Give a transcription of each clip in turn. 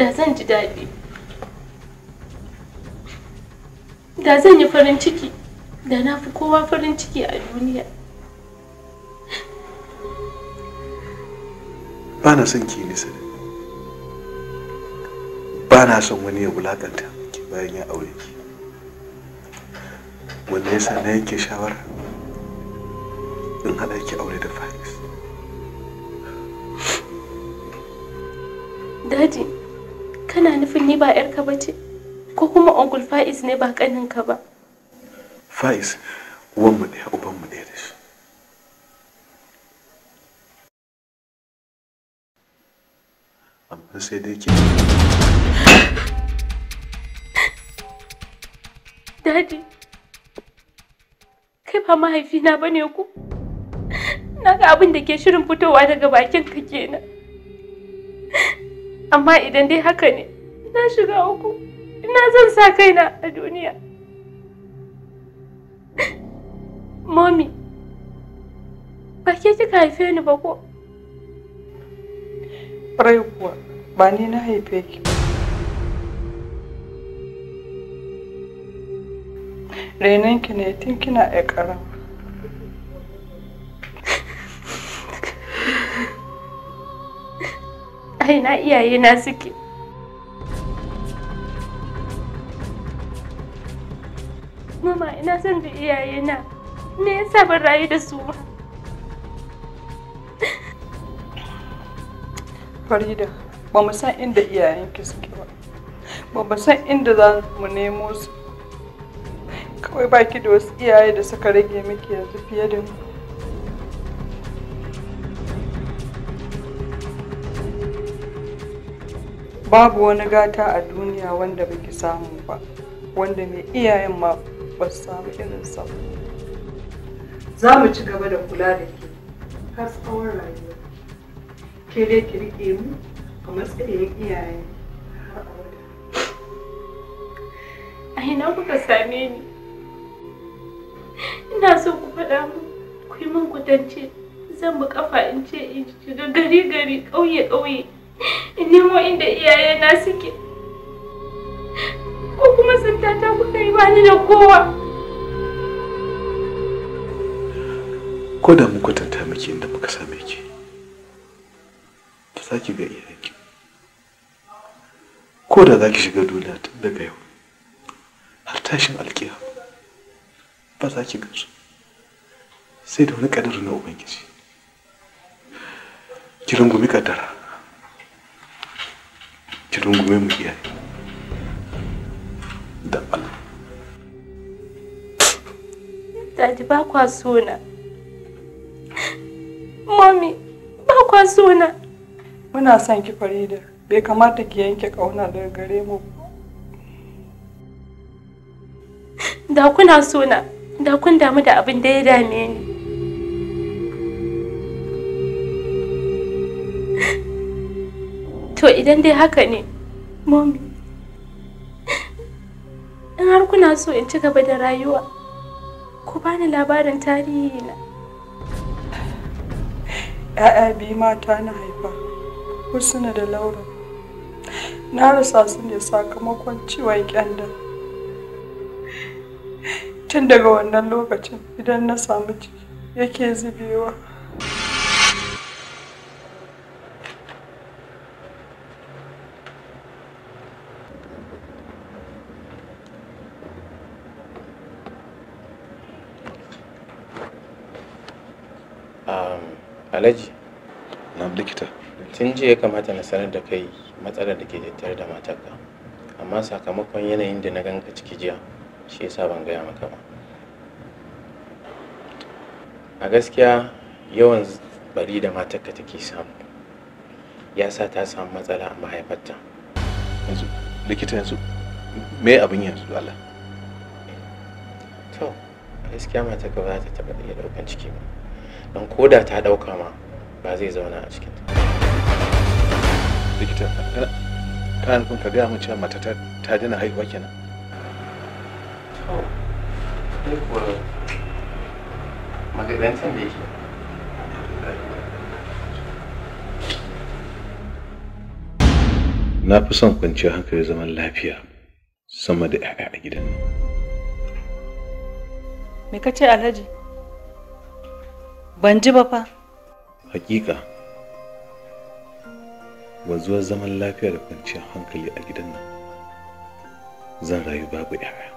da zan ji daɗi da zan yi farin ciki da na fi kowa farin ciki a duniya ba na son ki nisa ba na son wani ya wulaƙanta ki bayan ya aure ki wanda yasa na yanke shawara in haɗa ki aure da faris daji kana nufin ni ba 'yarka ba ce ko kuma uncle faiz ne ba kaninka ba faiz uwanmu ɗaya ubanmu ɗaya da shi amma sai dai ke daddy kai ba mahaifina ba ne ku na ga abin da ke shirin fitowa daga bakin ka kenan Amma idan dai haka ne, na shiga uku, ina zan sa kaina a duniya. Mami, ba ke kika haife ni ba ko? Rai kuwa, ba ni na haife ki. ki ne tun kina ƙarama. kaina iyayena suke mama ina son da iyayena me yasa ban rayu da su ba farida ba mu san inda iyayenki suke ba ba mu san inda za mu nemo su kawai baki da wasu iyaye da suka rage miki yanzu fiye da mu babu wani gata a duniya wanda baki samu ba wanda mai iyayen ma ba su samu irin sa za mu ci gaba da kula da ke har tsawon rayuwa ke dai ki rike mu a matsayin iyayen har abada a ina kuka same ni ina so ku faɗa mu ku yi min kwatance zan bu kafa in ce in ci gari gari ƙauye ƙauye in nemo inda iyayena suke ko kuma sun tata kuka yi bani da kowa ko da muka kwatanta miki inda muka same ki ta za ki ga iyayenki ko da za ki shiga duniya tun daga yau har tashin alkiya ba za ki gansu sai da wani kadar na ubangiji ki rungumi kadara ki rungume mu iyaye da Allah Daddy ba kwa sona Mommy ba kwa sona Muna son ki Farida bai kamata ki yanke kauna daga gare mu Da kuna sona da kun damu da abin da ya dame ni To idan dai haka ne, Mommy, in har kuna so in ci gaba da rayuwa, ku bani labarin tarihi na. ‘Ya'ya biyu mata na haifa, Husna da Laura. Na rasa su ne sakamakon ciwon kyanda. Tun daga wannan lokacin idan na samu ciki yake zubewa. alaji Na likita. Tun jiya ya kamata na sanar da kai matsalar da ke tattare da matarka. Amma sakamakon yanayin da na ganka ciki jiya shi yasa ban gaya maka ba. A gaskiya yawan bari da matarka take samu ya sa ta samu matsala a mahaifarta. Yanzu likita yanzu me abin yanzu Allah. To gaskiya matarka ba za ta taɓa iya ɗaukan ciki ba. don koda ta ɗauka ma ba zai zauna a cikin likita kana nufin ka gaya mun cewa mata ta ta dina haihuwa kenan na fi son kwanciyar hankali zaman lafiya sama da 'ya'ya a gidan nan me ka ce alhaji Ban ji ba fa. Hakika, wanzuwar zaman lafiya da kwanciyar hankali a gidan nan zan rayu babu yaya.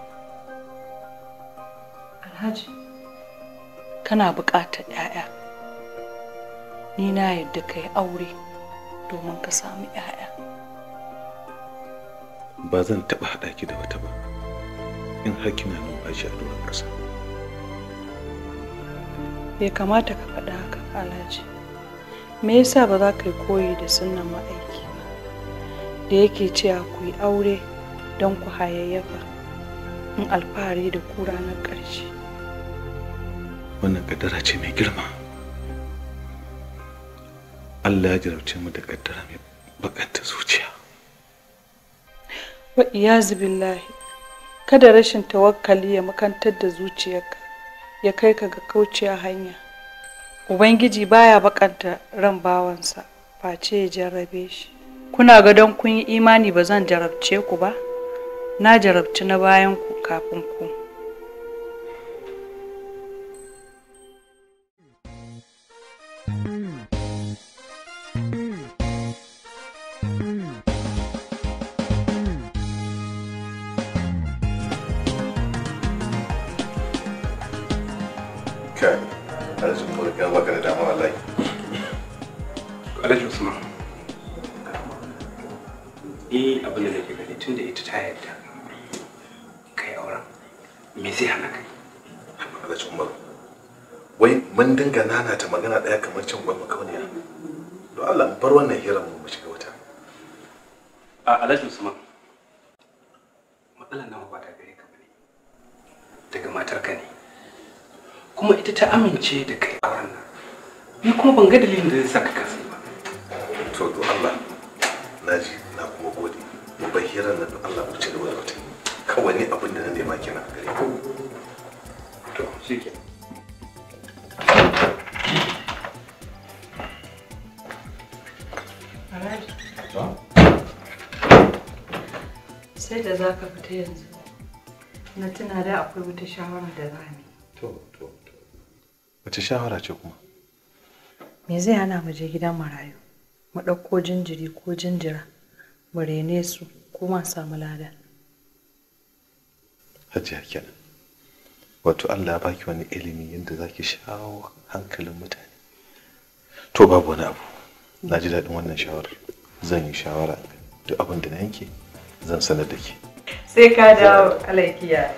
Alhaji, kana buƙatar ‘ya'ya. Ni na yadda ka yi aure domin ka samu ‘ya'ya. Ba zan taɓa haɗaki ki da wata ba, in hakina numfashi a duwar ƙasa. bai kamata ka faɗa haka alhaji me yasa ba za ka yi koyi da sunan ma'aiki ba da yake cewa ku yi aure don ku hayayyafa in alfahari da ku ranar ƙarshe wannan kaddara ce mai girma allah ya jarabce mu da kaddara mai bakanta zuciya wa iyazu billahi kada rashin tawakkali ya makantar da zuciyarka ya kai ka ga kauciya hanya ubangiji baya bakanta ran bawansa face ya jarrabe shi kuna ga don kun yi imani ba zan jarabce ku ba na jarabci na bayan ku kafin ku don Allah bar wannan hirar mu shiga wata a alhaji usman matsalar nawa ba ta gare ka bane daga matar ka ne kuma ita ta amince da kai a wannan ni kuma ban ga dalilin da zai saka sai ba to to Allah naji na kuma gode mu bar hirar nan Allah mu ci gaba da wata kawai ne abin da na nema kenan gare ka to shikenan sai da za ka fita yanzu na tuna da akwai wata shawara da za mu to to to shawara ce kuma me zai hana mu je gidan marayu mu ɗauko jinjiri ko jinjira mu rene su ko ma samu lada hajiya kenan wato Allah baki wani ilimi yadda za ki shawo hankalin mutane to babu wani abu na ji daɗin wannan shawarar zan yi shawara duk abin da na yanke zan sanar da ke sai ka dawo alaikiya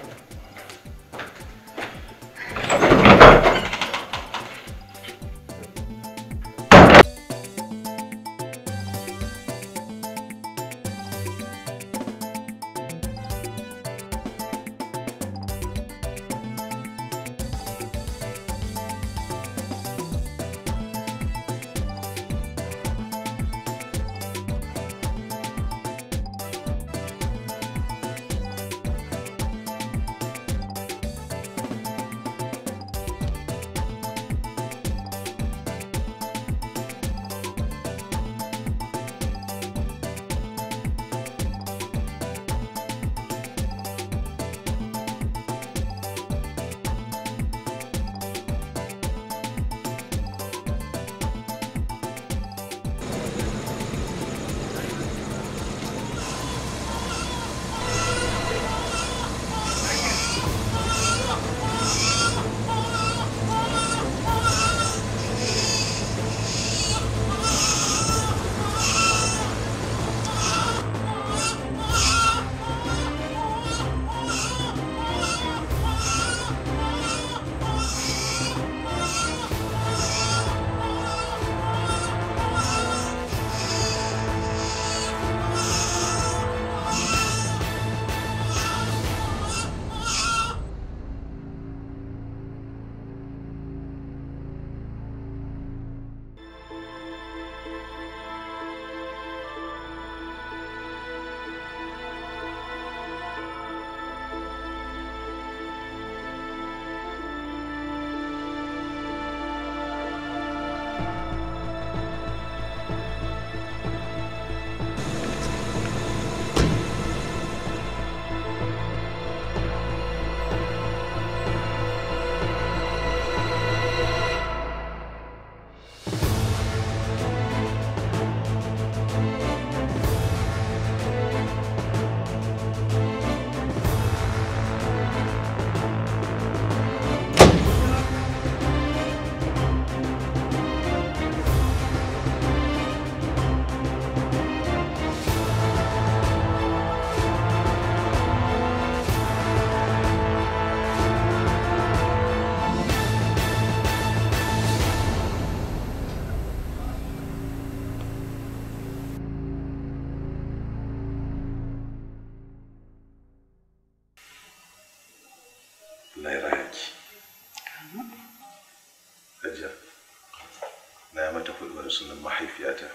musulun mahaifiyata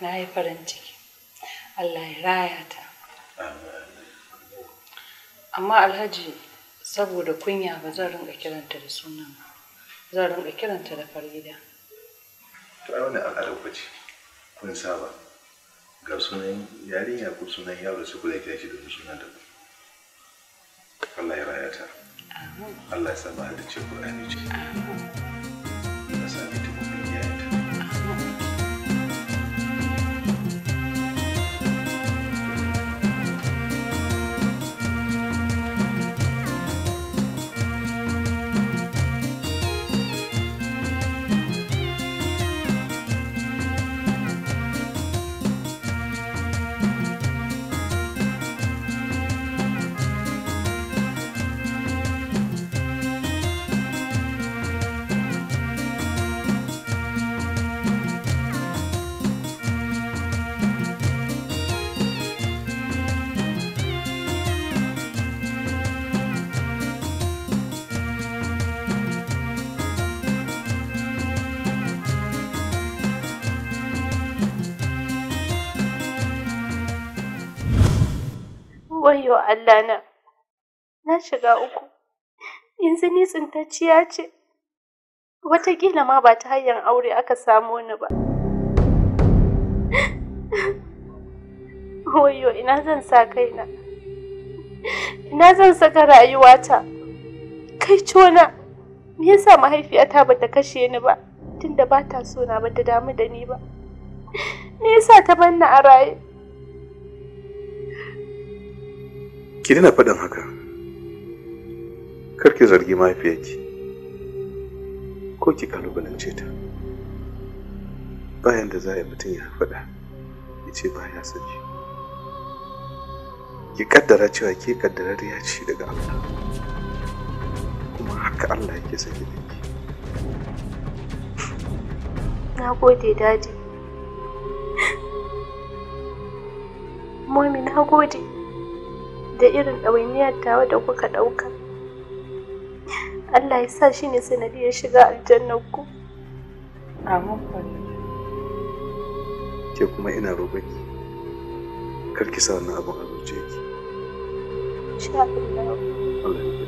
na yi farin ciki allah ya raya ta amma alhaji saboda kunya ba zan rinka kiranta da sunan ba zan rinka kiranta da farida to ai wani al'adar ku ce kun saba ga sunan yarinya ko sunan yaro su kula kiran shi da sunan da Allah ya raya ta Allah ya sa ba da ce Qur'ani ce. Amin. Allah ya sa yo Allah na na shiga uku yanzu ni tsintacciya ce watakila ma ba ta hanyar aure aka samo ni ba wayo ina zan sa kaina ina zan saka rayuwata kai cona me yasa mahaifiyata ba ta kashe ni ba tunda ba ta so na ba ta damu da ni ba me yasa ta banna a raye ki dina faɗin haka kar ki zargi mahaifiyarki ko ki kalubalance ta bayan da za a yi mutum ya faɗa ya ce ba ya san ki kaddara cewa ke ya ci daga Allah kuma haka Allah yake saki da ki na gode daji momi na gode da irin ɗawainiyar tawa da kuka ɗauka Allah ya sa shi ne sanadiyar shiga aljannar ku amin ke kuma ina roƙon ki kar ki sa wannan abin a zuciyarki insha Allah Allah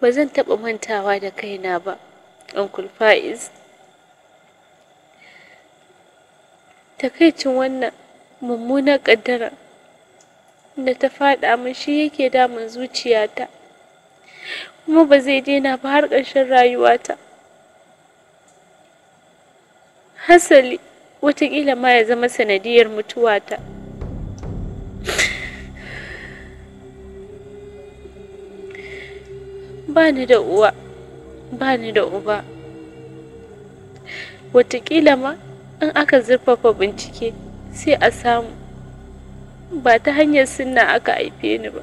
ba zan taɓa mantawa da kaina ba uncle faiz takaicin wannan mummunar ƙaddara da ta faɗa min shi yake damun zuciyata kuma ba zai daina ba har ƙarshen rayuwata hasali wataƙila ma ya zama sanadiyar mutuwata ba da uwa ba da uba watakila ma in aka zurfafa bincike sai a samu ba ta hanyar sunna aka haife ni ba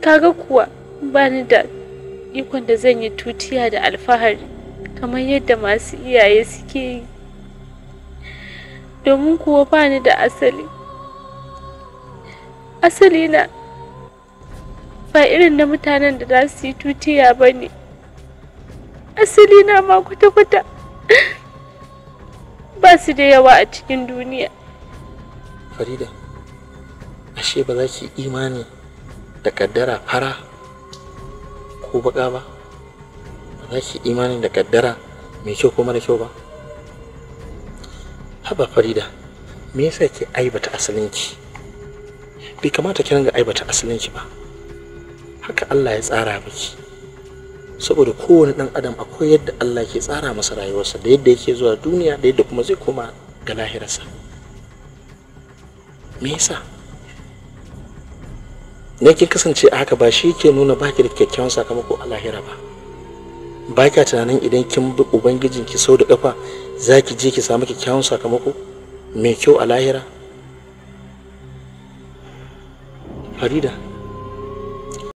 kaga kuwa bani da ikon da zan yi tutiya da alfahari kamar yadda masu iyaye suke yi domin kuwa bani da asali asali na ba irin na mutanen da za su yi tutiya ba ne asali na ma kwata-kwata ba su da yawa a cikin duniya farida ashe ba za ki imani da kaddara fara ko baka ba ba za ki imani da kaddara mai kyau ko mara kyau ba haba farida me yasa ke aibata asalinki bai kamata ki ringa aibata asalin ki ba haka Allah ya tsara miki saboda kowane dan adam akwai yadda Allah ke tsara masa rayuwarsa da yadda yake zuwa duniya da yadda kuma zai koma ga lahirarsa me yasa ne kin kasance a haka ba shi ke nuna ba ki da kyakkyawan sakamako a lahira ba ba kya tunanin idan kin bi ubangijinki sau da kafa za ki je ki samu kyakkyawan sakamako mai kyau a lahira hari dah